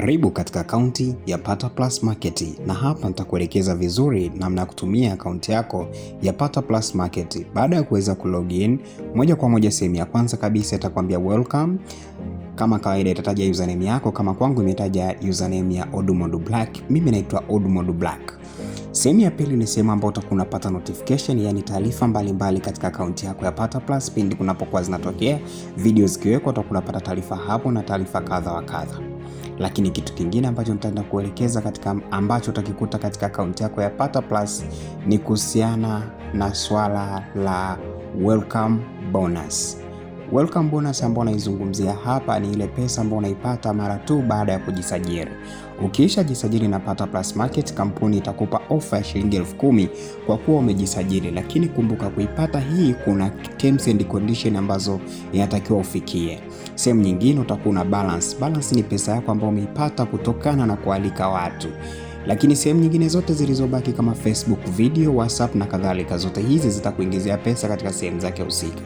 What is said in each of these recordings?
Karibu katika akaunti ya Pata Plus Market, na hapa nitakuelekeza vizuri namna ya kutumia akaunti yako ya Pata Plus Market. Baada ya kuweza kulogin moja kwa moja, sehemu ya kwanza kabisa itakwambia welcome. Kama kawaida itataja username yako, kama kwangu imetaja username ya Odumodu Black. Mimi naitwa Odumodu Black. Sehemu ya pili ni sehemu ambayo utakuwa unapata notification, yani taarifa mbalimbali katika akaunti yako ya Pata Plus. Pindi kunapokuwa zinatokea video zikiwekwa, utakuwa unapata taarifa hapo na taarifa kadha wa kadha. Lakini kitu kingine ambacho nitaenda kuelekeza katika ambacho utakikuta katika akaunti yako ya Pata Plus ni kuhusiana na swala la welcome bonus. Welcome bonus ambayo unaizungumzia hapa ni ile pesa ambayo unaipata mara tu baada ya kujisajili. Ukiisha jisajili na Pata Plus Market, kampuni itakupa ofa ya shilingi elfu kumi kwa kuwa umejisajili, lakini kumbuka, kuipata hii kuna terms and condition ambazo inatakiwa ufikie. Sehemu nyingine utakuwa na balance. Balance ni pesa yako ambayo umeipata kutokana na kualika watu lakini sehemu nyingine zote zilizobaki kama Facebook, video, WhatsApp na kadhalika, zote hizi zitakuingizia pesa katika sehemu zake husika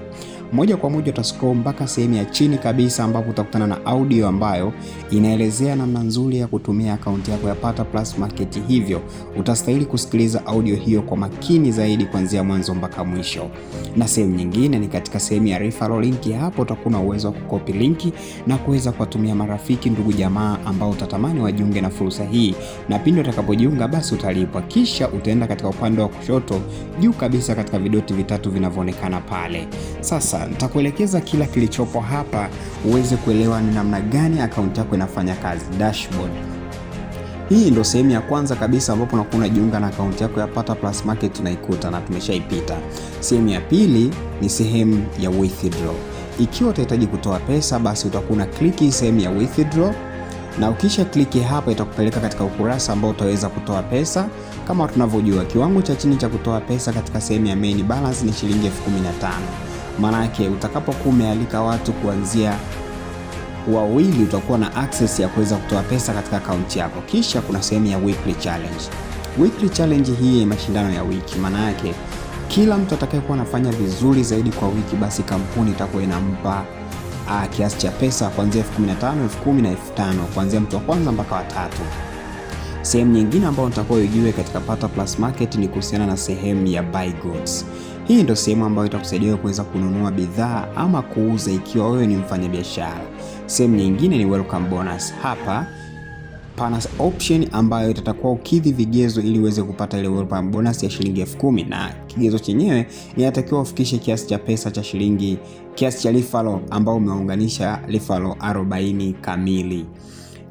moja kwa moja utascroll mpaka sehemu ya chini kabisa, ambapo utakutana na audio ambayo inaelezea namna nzuri ya kutumia akaunti yako ya Pata Plus Market, hivyo utastahili kusikiliza audio hiyo kwa makini zaidi kuanzia mwanzo mpaka mwisho. Na sehemu nyingine ni katika sehemu ya referral link, hapo utakuwa na uwezo wa kukopi linki na kuweza kuwatumia marafiki, ndugu, jamaa ambao utatamani wajiunge na fursa hii, na pindi utakapojiunga basi utalipwa. Kisha utaenda katika upande wa kushoto juu kabisa katika vidoti vitatu vinavyoonekana pale sasa nitakuelekeza kila kilichopo hapa uweze kuelewa ni namna gani akaunti yako inafanya kazi, dashboard. Hii ndo sehemu ya kwanza kabisa ambapo unakuwa unajiunga na akaunti yako ya Pata Plus Market, tunaikuta na tumeshaipita. Sehemu ya pili ni sehemu ya withdraw. Ikiwa utahitaji kutoa pesa, basi utakuwa una kliki sehemu ya withdraw na ukisha kliki hapa itakupeleka katika ukurasa ambao utaweza kutoa pesa. Kama tunavyojua kiwango cha chini cha kutoa pesa katika sehemu ya main balance ni shilingi elfu kumi na tano. Maanake utakapokuwa umealika watu kuanzia wawili, utakuwa na access ya kuweza kutoa pesa katika akaunti yako. Kisha kuna sehemu ya weekly challenge. Weekly challenge hii ni mashindano ya wiki, maana kila mtu atakayekuwa anafanya vizuri zaidi kwa wiki, basi kampuni itakuwa inampa uh, kiasi cha pesa kuanzia elfu na tano kuanzia mtu wa kwanza mpaka watatu. Sehemu nyingine ambayo nitakuwa ujue katika Pata Plus Market ni kuhusiana na sehemu ya buy goods. Hii ndio sehemu ambayo itakusaidia kuweza kununua bidhaa ama kuuza ikiwa wewe ni mfanyabiashara. Sehemu nyingine ni welcome bonus. Hapa pana option ambayo itatakuwa ukidhi vigezo ili uweze kupata ile welcome bonus ya shilingi elfu kumi na kigezo chenyewe inatakiwa ufikishe kiasi cha pesa cha shilingi kiasi cha lifalo ambao umeunganisha lifalo 40 kamili.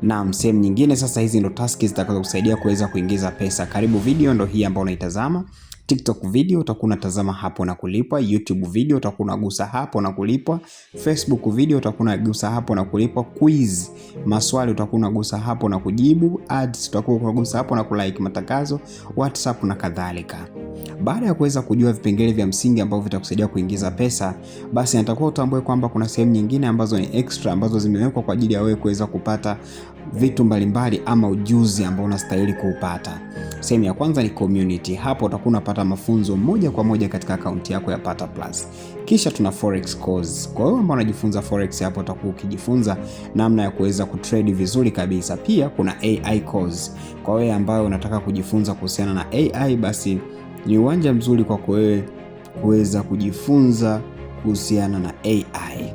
Naam, sehemu nyingine sasa, hizi ndo taski zitakazokusaidia kuweza kuingiza pesa. Karibu video ndo hii ambayo unaitazama. TikTok video utakuwa unatazama hapo na kulipwa. YouTube video utakuwa unagusa hapo na kulipwa. Facebook video utakuwa unagusa hapo na kulipwa. Quiz, maswali utakuwa unagusa hapo na kujibu. Ads utakuwa unagusa hapo na kulike matangazo, WhatsApp na kadhalika. Baada ya kuweza kujua vipengele vya msingi ambavyo vitakusaidia kuingiza pesa, basi natakuwa utambue kwamba kuna sehemu nyingine ambazo ni extra ambazo zimewekwa kwa ajili ya wewe kuweza kupata vitu mbalimbali ama ujuzi ambao unastahili kuupata. Sehemu ya kwanza ni community. Hapo utakuwa unapata mafunzo moja kwa moja katika akaunti yako ya Pata Plus. Kisha tuna forex course. Kwa hiyo ambao unajifunza forex, hapo utakuwa ukijifunza namna ya kuweza kutrade vizuri kabisa. Pia kuna AI course. Kwa wewe ambayo unataka kujifunza kuhusiana na AI, basi ni uwanja mzuri kwako wewe kuweza kujifunza kuhusiana na AI.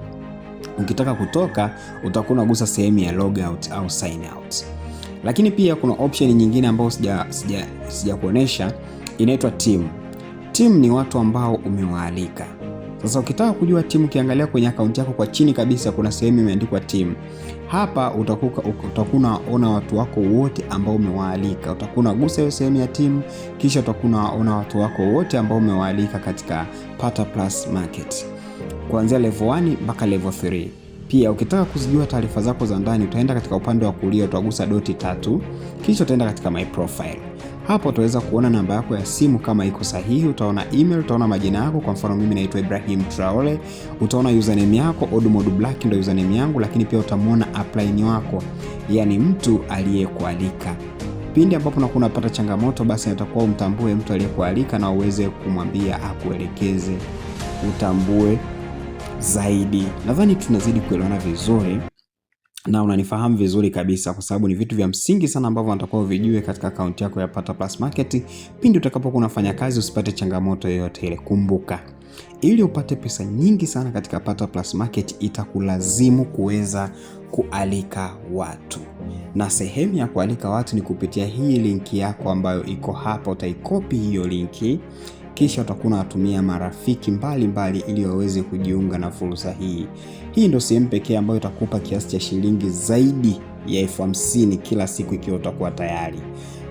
Ukitaka kutoka utakuwa unagusa sehemu ya logout au sign out. Lakini pia kuna option nyingine ambayo sija sija sijakuonesha inaitwa team. Team ni watu ambao umewaalika. Sasa ukitaka kujua timu, ukiangalia kwenye akaunti yako kwa chini kabisa, kuna sehemu imeandikwa timu. Hapa utakuwa unaona watu wako wote ambao umewaalika, utakuwa unagusa hiyo sehemu ya timu, kisha utakuwa unaona watu wako wote ambao umewaalika katika Pata Plus Market kuanzia level 1 mpaka level 3. Pia ukitaka kuzijua taarifa zako za ndani, utaenda katika upande wa kulia, utagusa doti tatu, kisha utaenda katika my profile. Hapo utaweza kuona namba yako ya simu kama iko sahihi, utaona email, utaona majina yako. Kwa mfano mimi naitwa Ibrahim Traore, utaona username yako Odumodu Black ndio username yangu, lakini pia utamwona upline wako, yani mtu aliyekualika. Pindi ambapo unakuwa unapata changamoto, basi natakuwa umtambue mtu aliyekualika na uweze kumwambia akuelekeze, utambue zaidi. Nadhani tunazidi kuelewana vizuri na unanifahamu vizuri kabisa kwa sababu ni vitu vya msingi sana ambavyo unatakiwa uvijue katika akaunti yako ya Pata Plus Market pindi utakapokuwa unafanya kazi, usipate changamoto yoyote ile. Kumbuka, ili upate pesa nyingi sana katika Pata Plus Market itakulazimu kuweza kualika watu, na sehemu ya kualika watu ni kupitia hii linki yako ambayo iko hapa. Utaikopi hiyo linki kisha utakuwa unatumia marafiki mbalimbali ili waweze kujiunga na fursa hii. Hii ndio sehemu pekee ambayo itakupa kiasi cha shilingi zaidi ya elfu hamsini kila siku ikiwa utakuwa tayari.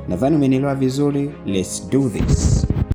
Nadhani umenielewa vizuri. Let's do this.